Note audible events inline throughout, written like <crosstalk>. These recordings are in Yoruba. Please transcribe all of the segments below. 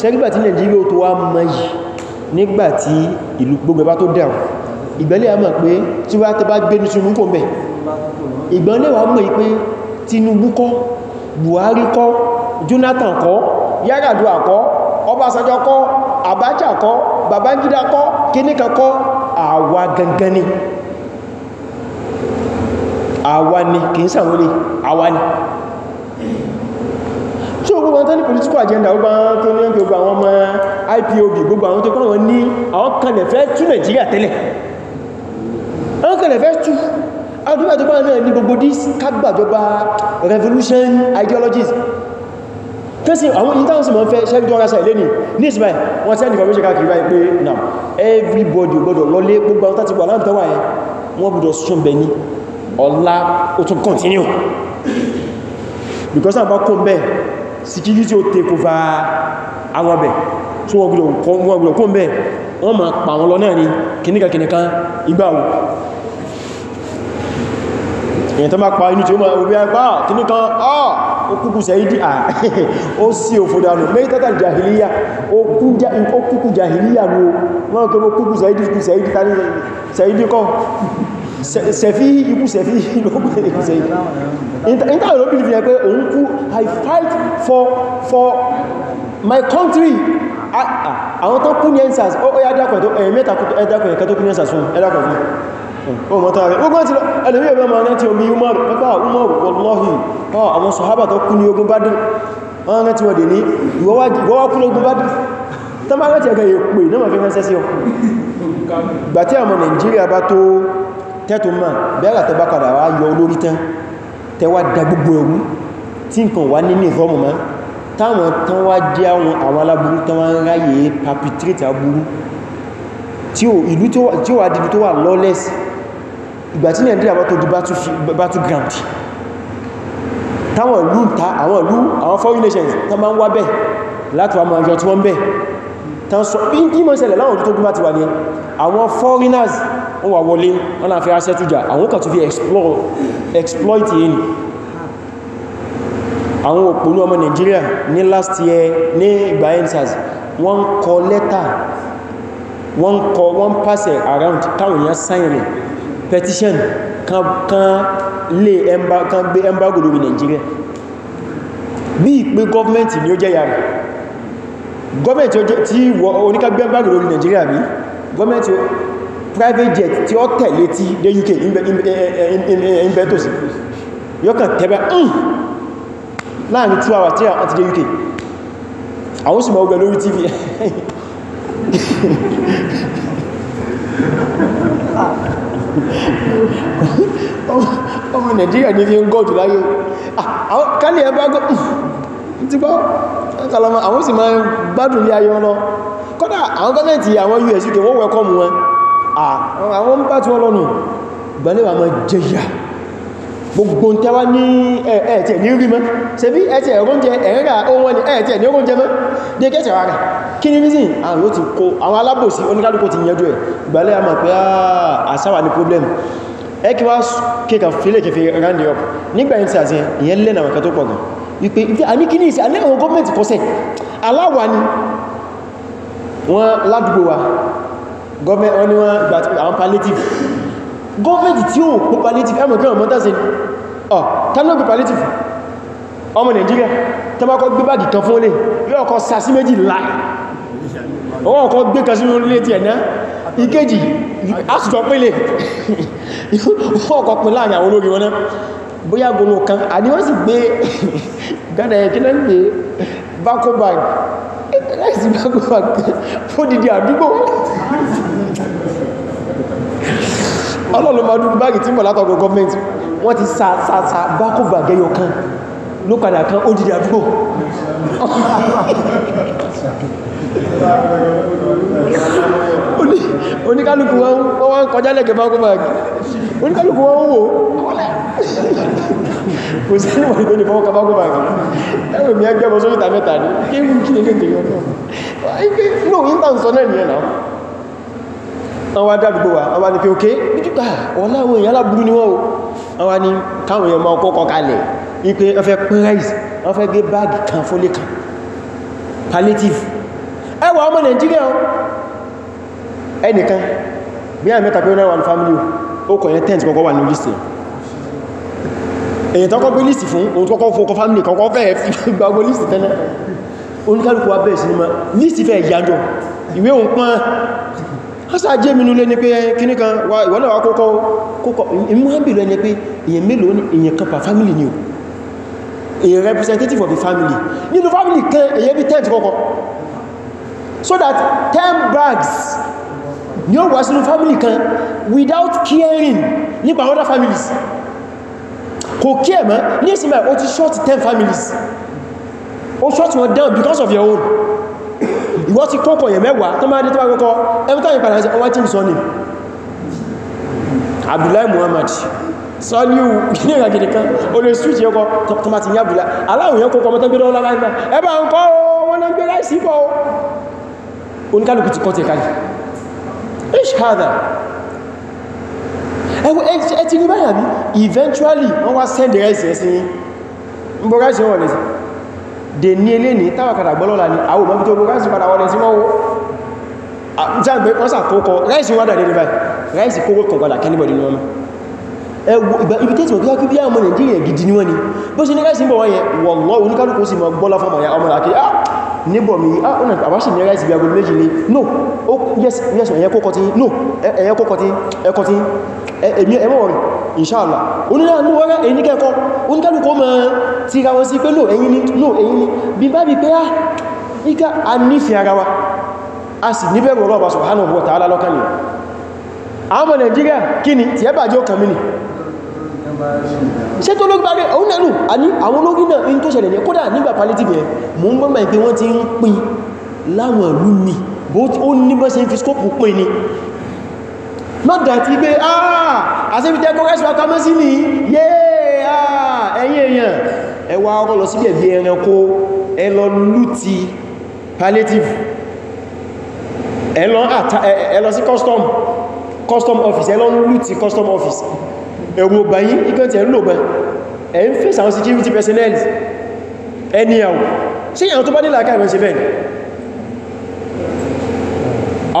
ṣe nígbàtí Nàìjíríà tó wá mọ́ yìí nígbàtí ìlú gbogbo bá tó dáun ìgbẹ́lẹ̀ a mọ̀ pé tí wá tẹ bá gbé ní Tinubu kò mẹ́ ìgbẹ́lẹ̀ wà mọ̀ pé Tinubu kọ́ Buhari kọ́ Jonathan kọ́ Yar'Adua kọ́ Ọbásanjọ́ kọ́ Abacha kọ́ Babangida kọ́ kíníkà kọ́ àwa gangan ni àwa ni kìí sàwọn olè àwa ni gbogbo wọn tó ní political agenda gbogbo àwọn tó ní gbogbo àwọn ọmọ IPOB gbogbo àwọn tó kọ́ wọn ní àwọn kanẹ̀ fẹ́ tú Nàìjíríà tẹ́lẹ̀ àwọn kanẹ̀ fẹ́ tú àdúgbà tó bá náà ní gbogbo dis kágbàjọba revolution ideologies tẹ́sí àwọn intansi mọ́ fẹ́ ṣẹ́gbẹ́ ọ̀rásà ilé ní ní ìsìnbà wọ́n send information káàkiri báyìí pé now everybody gbọ́dọ̀ lọlé gbogbo àwọn tàbí aláǹtọ́wà ẹ̀ wọ́n gbọ́dọ̀ ṣúnbẹ̀ ní ọlá ó tún continue because náà bá kó bẹ́ẹ̀ security ó take over àwọn ọbẹ̀ tó wọ́n gbọ́dọ̀ kó ń bẹ́ wọ́n ma pa wọn lọ náà ni kìníkàkìníkan igbáwó èyàn tó má pa inú tí ó máa orí agbá kìní kan ọ́ ó kúkú sẹ́yìdì à ó sí òfòdánù mẹ́tàtà jahiliya ó kúkú jahiliya ló wọ́n kí ó kúkú sẹ́yìdì kọ́ sẹ̀fí ikú sẹ̀fí <laughs> ló sẹ̀fí e intanet ló fi ẹ̀ pé òun kú i fight for for my country àwọn tó kú ní ensas ó yá dákọ̀ ẹ̀mẹ́ta ẹ̀dàkọ̀ ẹ̀kẹ́ tó kú ní ensas fún ẹ̀dàkọ̀ tẹ́tù máa bẹ́ẹ̀rẹ̀ tẹ́ wá yọ olórí tán tẹ́wà da gbogbo ẹ̀wú tí nǹkan wá ní nìfọ́mù má táwọn tán wá jẹ́ àwọn àwọn aláburú tán wá ń ráyè perpetrate aburú tí ó ìlú tí ó wà dìbí tó wà lawless ìgbà tí Nàìjíríà bá tó di battleground táwọn ìlú ta àwọn ìlú àwọn foreign nations tán máa ń wá bẹ̀ láti wá máa yọ tí wọ́n bẹ̀ tán sọ bí kí mọ́ ṣẹlẹ̀ láwọn tó gbá ti wà ní àwọn foreigners wọ́n wà wọlé wọ́n náà fẹ́ aṣẹ́ tújà àwọn kà tó fi exploit yìí àwọn òpónú ọmọ Nigeria ní last year ní ìgbà ensas wọ́n kọ lẹ́tà wọ́n kọ wọ́n pàṣẹ around town, èèyàn sign petition kan lè kan gbé embargo lórí Nigeria bí ìpé gọ́ọ̀mẹ́ntì ni ó jẹ́ yàrá gọ́ọ̀mẹ̀ntì tí oníkágbẹ́gbàgbà lórí Nigeria bí gọ́ọ̀mẹ̀ntì private jet tí ó tẹ̀lé tí dé UK inbetosi yóò kàn tẹ́bẹ̀ láàrin 2 hours tí a ti dé UK àwọn sì mọ̀ ọgbẹ̀ lórí TV <laughs> ọmọ Nigeria ní fi ń gọ́ọ̀dù láyé kálẹ̀ ẹbá gọ́ọ̀dù kalama àwọn sì máa gbádùn lé ayọ́ lọ kọ́dà àwọn gọ́mẹ̀ntì àwọn US UK wọ́n wẹ́kọ́mù wọn àwọn ń bá tí wọ́n lọ́nù gbanẹ́wà máa jẹyà gbogbo tẹ́wà ní ẹ̀ẹ̀tẹ̀ ní rí mọ́ ṣe bí ẹ̀ẹ̀tẹ̀ ẹ̀rọ́njẹ ẹ̀rẹ́ra ohun ẹni ẹ̀ẹ̀tẹ̀ ní orónjẹ mọ́ dé kẹ́ẹ̀tẹ̀ rárá kí ní rízìn àwọn ti kó àwọn alábòsí oníkálùkù ti yẹjú ẹ̀ gbalẹ́ àmà pé ah, àsáwà ní problem ẹkí wá kíkà fílẹ̀ kẹfẹ́ round up nígbà yìí tí àti ìyẹn lẹ́nà àwọn kẹtọ́ pọ̀ gan wípé àníkíní ìsẹ̀ alẹ́wọ̀n gọ́ọ̀mẹ́ntì kọ́sẹ̀ aláwà ni wọ́n ládùgbò wa gọ́ọ̀mẹ́ntì wọ́n gbà àwọn palliative gọ́ọ̀mẹ́ntì tí ó pọ̀ palliative ẹmọ̀ kí ọmọ tẹ́sẹ̀ ọ̀ tánàgbé palliative ọmọ Nàìjíríà tẹ́bàkọ́ gbé báàgì kan fún olè yóò kọ́ sàsí méjì ńlá wọ́n kọ́ gbé kan sínú ilé tí ẹ̀ná ìkejì asùtọ̀ pẹ́lẹ̀ ìfún ọkọ̀ pẹ̀ láàrin àwọn olórin wọn náà bóyá gọ́nà kan àní wọ́n sì gbé gánà ẹ̀kílẹ̀ gbé bákóbag láìsí bákóbag fódìdí àdúgbò ọlọ́lọ́mọdú báàgì tí mọ̀ látọ̀gọ̀ gọ́ọ̀mẹ́ntì wọ́n ti sa sa sa bákóbag ẹyọ kan ló padà kan ó dìdí àdúgbò oníkálùkù wọn kọjá lẹ́gẹ̀ẹ́ bákóbag oníkálùkù wọn wò kò sẹ́ni wọ́n tó lè fọwọ́ kabágbọ́bà kan ẹwẹ̀ mi agbẹ́bọ̀ sórí ìta mẹ́ta ní kéwù kí ní kéde yọ náà ike no intan sọ náà nìyẹn náà àwọn adádùgbò wa àwọn anìfẹ́ òkè níjúkà wọ́n láwọn èèyàn aláburú ni wọ́n o àwọn ni káwọn èèyàn máa kọ́kọ́ kalẹ̀ wípé wọ́n fẹ́ price wọ́n fẹ́ gbé báàgì kan fólé kan palliative ẹwà ọmọ Nàìjíríà ẹnìkan bí i àmẹ́ta pé náà wà ní family ó kọ̀ yẹn tent kọ́kọ́ wà ní list èyàn tọ́kọ́ gbé lísì fún òun tọ́kọ́ fún ọkọ̀ fámílì kọ́kọ́ fẹ́ gbogbo lísì tẹ́lẹ̀ oníkálùkù abẹ́ ìsinimá lísì fẹ́ ìyájọ́ ìwé òun pán ásá jẹ́ minú lé ní pé kíní kan wà ìwọ́nà àkókò kókò ìmúhàbì lọ ní pé èyàn mélòó ní èyàn kan per family ni o a representative of the family nínú family kan èyàn bí 10 kọ́kọ́ so that 10 bags ni ó wá sínú family kan without caring nípa other families kò kí ẹ̀mọ́ ní ìsinmi ó ti short 10 families ó short wọn down because of your own ìwọ ti kọ́kọ̀ yẹ̀ mẹ́wàá tó máa dé tó máa kọ́kọ́ every time you padà ọwá tí ń sọ ní Abdullahi Muhammad sọ́líù ní ìrìn àgìdì kan o lè switch yẹ́kọ́ tó máa ti ní Abdullahi aláwọ̀ yẹ́ kọ́kọ́ mọ́tán gbẹ́rẹ́ ọlá láìpẹ́ ẹbà ẹwọ ẹ ti rí báyà bí eventually wọ́n wá send the rest sí ń bọ́ ráṣẹ́ wọ̀n lẹ́sí dè ní ilé ní tàwàkàtà gbọ́lọ́lá ní àwọn ọmọ tó gbọ́ráṣì padà wọ́n lẹ́sí wọ́n jàǹgbẹ́ wọ́n sàkókọ ráìsì wọ́n dàdé níbàí ráìsì kókó kan padà kẹ́lẹ́bọ̀dì ní wọ́n ìgbà ibi tẹ́tì wọ́n kí bí i ọmọ Nàìjíríà gidi ní wọ́n ni bó ṣe ní ráìsì ń bọ̀ wọ́n yẹn wọ́lọ́ oníkálùkù sí mọ́ gbọ́lá fọ́mà ya ọmọ àkírí ah níbọ̀ mi ah ọ̀nà àwáṣì ní ráìsì bí agolo méjì ni no yes yes ẹ̀yẹ kókọ tí no ẹ̀yẹ kókọ tí ẹkọ tí èmi ẹmọ́ rẹ̀ inṣáàlá onílànú wọ́rẹ́ èyí ní kẹ́kọ́ oníkẹ́lùkọ́ mọ́ tí ra wọ́n sí pé lò èyí ní lò èyí ní bí bá bí pé á ah, níká a nífẹ́ ara wa a sì níbẹ̀rù ọlọ́ọ̀bá subhanahu wa ta'ala lọ́kànlẹ̀ àwọn Nàìjíríà kí ni tí ẹbà jẹ́ ọkàn mini ṣe tó ló gbáre òun nẹ́lù àní àwọn olórin náà in tó ṣẹlẹ̀ ní kódà nígbà palliative yẹn mú ń gbọ́mà ìpé wọ́n ti ń pín láwọn ìlú mi bó ó ní bọ́ sí fi skópù pín ni not that ibé ah as àṣẹ́bìtẹ́ kọ́kẹ́sì wá kamọ́ sí ní Yeah, ah ẹ̀yìn èèyàn ẹwà ọkọ̀ lọ síbẹ̀ bí ẹranko ẹlọ lúti palliative ẹlọ sí custom custom office ẹlọ lúti custom office ẹ̀rù ọgbàyí ikẹ́ tẹ̀ ń lò bẹ́ ẹ̀ ń fèsà àwọn security personnel anyhow ṣe ìyàn tó bá nílà káà ìrìnṣẹ́ bẹ́ẹ̀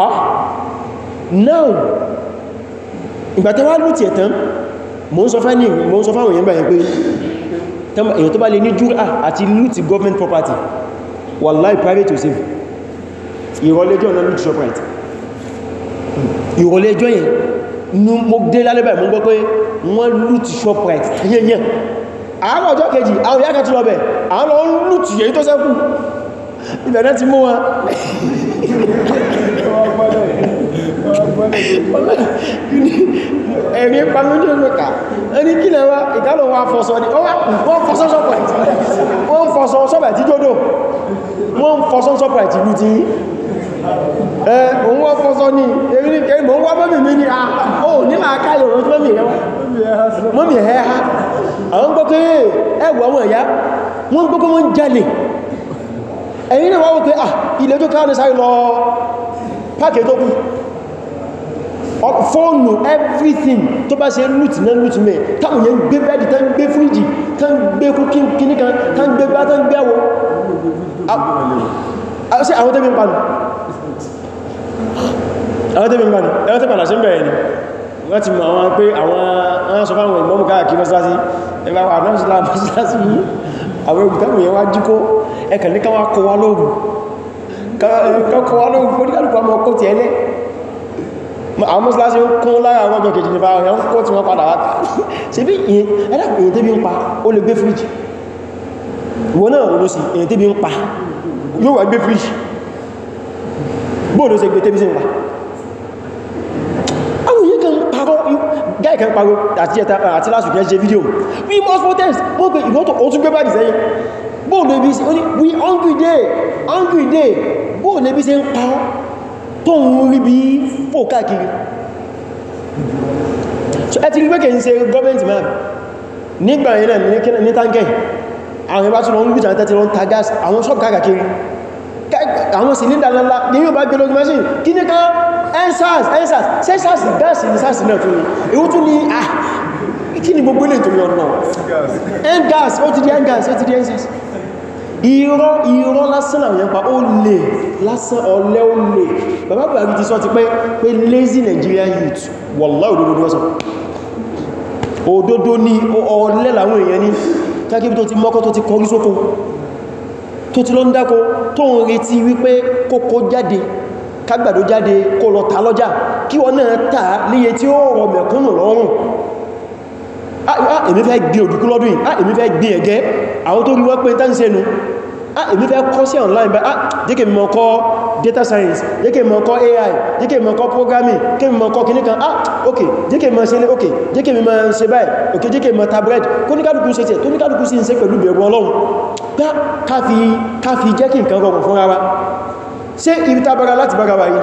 ah now ìgbàtẹ́ wá lùtì ẹ̀tàn mo ń sọ fẹ́ ní mo ń sọ fáwọn èèyàn báyìí pé èyàn tó bá lè ní júrà àti lùtì government property wallahi private yóò save ìrọ̀lẹ́jọ́ ọ̀nà lùtì shoprite ìrọ̀lẹ́jọ́ yẹn ní mo dé lálẹ́bàá mo gbọ́ pé wọ́n lùtì shoprite yẹ́yẹ́ àárọ̀ ọjọ́ kejì àwọn ìyá kẹtù lọ́bẹ̀ àwọn lọ ń lùtì èyí tó sẹ́kù ìbẹ̀rẹ̀ <laughs> ẹ̀rin pàmí ní olóka ẹni kí lẹ́wà ìkálò wọn fọ́sọ́ ní wọ́n fọ́sọ́ sọ́pọ̀ ẹ̀tì wọ́n fọ́sọ́ sọ́pọ̀ ẹ̀tì jọ́dọ̀ wọ́n fọ́sọ́ sọ́pọ̀ ẹ̀tì lú ti ẹ̀ òun wọ́n fọ́sọ́ ní erin kẹrin mọ́ wá mọ́mí mi ní à ó nílà káyọ̀ rẹ̀ mọ́mí ẹ̀ mọ́mí ẹ̀ ha àwọn gbọ́kọ́ ẹ̀wọ̀ àwọn ẹ̀yà wọ́n gbọ́kọ́ wọ́n jalè ẹ̀yìn náà wọ́n wọ́n pé à ilẹ̀ fóònù everything tó bá ṣe lùtì náà lùtì mẹ́ táwọn yẹn gbé bẹ́ẹ̀dì tán gbé fúrìjì tán gbé kíní kan tán gbé bá tán gbé àwọ àwọn tẹ́bí ń panu àwọn tẹ́bí ń panu ẹwọ́n tẹ́bí àlàṣẹ́ bẹ̀rẹ̀ ni wọ́n ti mọ̀ àwọn pé àwọn sọ fáwọn ìmọ́mù káàkiri mọ́sílásí ẹgbà àwọn àdámsílá mọ́sílásí yìí àwọn ògùtàmù yẹn wá jíkó ẹkàn ní káwàá kọwàá lóògùn káwàá lóògùn àwọn mọ́sílásí ń kún lára àwọn ọgbọ̀n kejì nípa ọ̀yàn ń kọ́ tí wọ́n padà wáta sí bí ìyẹn ẹ̀dàkùn èyí tébí ń pa ó lè gbé fíríjì wọ́n náà wọ́n sí èyí tébí ń pa yóò wà gbé fíríjì bóòlù sí gbé tébí sí ń pa àwọn èyí kan parọ́ gáì kan parọ́ àti lásùn kẹ́ ṣe fídíò we must protest mo gbé ìgbọ́tọ̀ ó tún gbé bá dìsẹ́yìn bóòlù ibi sí ó ní we hungry day hungry day bóòlù ibi sí ń parọ́ tó ń rí bí fò káàkiri ẹ ti rí pé kìí ṣe gọ́ọ̀mẹ́ntì máa nígbà yẹn náà ní tánkẹ̀ àwọn ìbá tún lọ ń gbìjà tẹ́tí lọ ń ta gas àwọn ṣọ́pù káàkiri àwọn sílíndà lọ́lá ní yóò bá gbé lójú mẹ́sìn kí ní kan ensars ensars ṣe sars gáàsì ní sars náà tún ní ewu tún ní ah kí ni gbogbo ilé ìtòmí ọ̀nà engas ó ti di engas ó ti di engas irọ́ irọ́ lásán àwọn yẹnpa ó lè lásán ọlẹ́ ó lè bàbá Buhari ti sọ ti pẹ́ pé lazy Nigeria youth wallahi òdodo ni wọ́n sọ òdodo ni ọlẹ́ làwọn èèyàn ní kákébí tó ti mọ́kọ́ tó ti kọrí sóko tó ti lọ ń dáko tó ń retí wípé kókó jáde kágbàdó jáde kó lọ ta lọ́jà kí wọ́n náà ta níye tí ó rọ mẹ̀kúnnù lọ́rùn Ah, ah, èmi fẹ́ gbin òdúkú lọ́dún yìí ah, èmi fẹ́ gbin ẹ̀gẹ́ àwọn tó ríwọ́ pé tán sẹ́nu èmi fẹ́ kọ́ sí online bá jẹ́kẹ́ mi mọ̀ kọ́ data science jẹ́kẹ́ mi mọ̀ kọ́ AI jẹ́kẹ́ mi mọ̀ kọ́ programming jẹ́kẹ́ mi mọ̀ kọ́ kìní kan ah ok jẹ́kẹ́ mi mọ̀ sẹ́lẹ̀ ok jẹ́kẹ́ mi mọ̀ ṣe báyìí ok jẹ́kẹ́ mi mọ̀ tablet kóníkàdùkú ṣe tẹ̀ tóníkàdùkú sí ń ṣe pẹ̀lú bẹ̀rù Ọlọ́run pé káfí jẹ́ kí nǹkan rọrùn fún rárá ṣé ibi tábára láti bára wáyé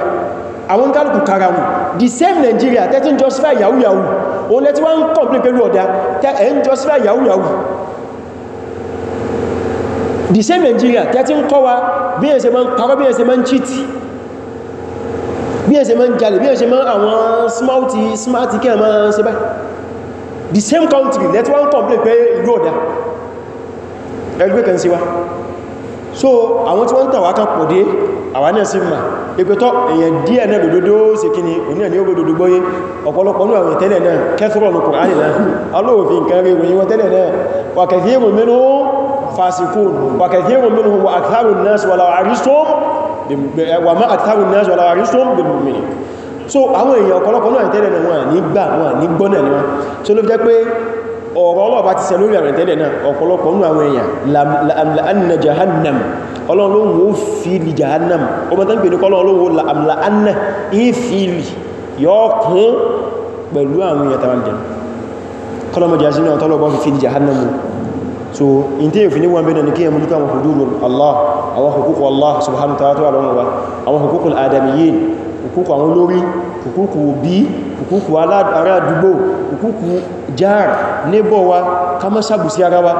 àwọn kálùkù kára wọn the same Nigeria tẹ́tí ń justify yahoo yahoo òun lẹ́tí wá ń kọ̀m̀plé pẹ̀lú ọ̀dá ẹ̀ ń justify yahoo the same Nigeria tẹ́tí ń kọ́ wa bí ẹ̀ṣẹ̀ máa ń parọ́ bí ẹ̀ṣẹ̀ máa ń cheat bí ẹ̀ṣẹ̀ máa ń jalè bí ẹ̀ṣẹ̀ máa àwọn smarty smarty kẹ́ máa ṣe báyìí the same country lẹ́tí wá ń kọ̀m̀plé pé ìlú ọ̀dá ẹgbẹ́ kan sí wa so àwọn tí wọ́n ń tàwákan pọ̀ dé àwa náà sí ma ìpẹ́tọ́ èyàn díẹ̀ náà lòdòdó sí kí ni òní àní ògbòdòdó gbóyé ọ̀pọ̀lọpọ̀ ní àwọn ìtẹ́lẹ̀ náà kẹsùrọ̀ lókùn àyè náà alóòfin nǹkan rí ìròyìn wọn tẹ́lẹ̀ náà wàkẹ̀kẹ́rù mínú fasikun wàkẹ̀kẹ́rù mínú wà àkàrùn náà wà láwàrísùn bìnbìnbìn so àwọn èèyàn ọ̀pọ̀lọpọ̀ náà ìtẹ́lẹ̀ náà wọ́n ní gbà wọ́n ní gbọ́nà ni wọ́n so ló jẹ́ pé ọ̀rọ̀ ọlọ́ọ̀bá ti sẹlórí àwọn ìtẹ́lẹ̀ náà ọ̀pọ̀lọpọ̀ nínú àwọn èèyàn la'amla anna jahannam ọlọ́run ló wó fìlì jahannam ọmọ tán pè ní kọ́lọ́ ló wó la'amla anna ìfìlì yóò kún pẹ̀lú àwọn èèyàn tàbí jẹ́ kọ́lọ́mọ̀ so in tí ìfìní wọn bẹ̀rẹ̀ ní kí ẹmú Allah àwọn hukuku Allah subhanahu wa ta'ala àwọn hukuku al-adamiyyin hukuku àwọn òkúkú ará àdúgbò òkúkú jáàr níbọ̀ wa ká má sàbùsí ara wa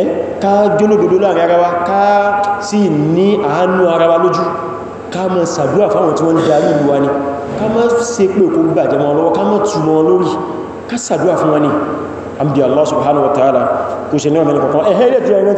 ẹ́ ká jólódodo láàrin ara wa ká sì ní àánú ara wa lójú ká má sàdúrà fáwọn tí wọ́n darí ìlú wa ni ká má ṣe pé òkú gbàjẹ́ mọ́ lọ́wọ́ ká má tù Allah subhanahu wa ta'ala kò ṣe ní ọ̀mẹ́lẹ̀ kọ̀kan ẹ̀hẹ́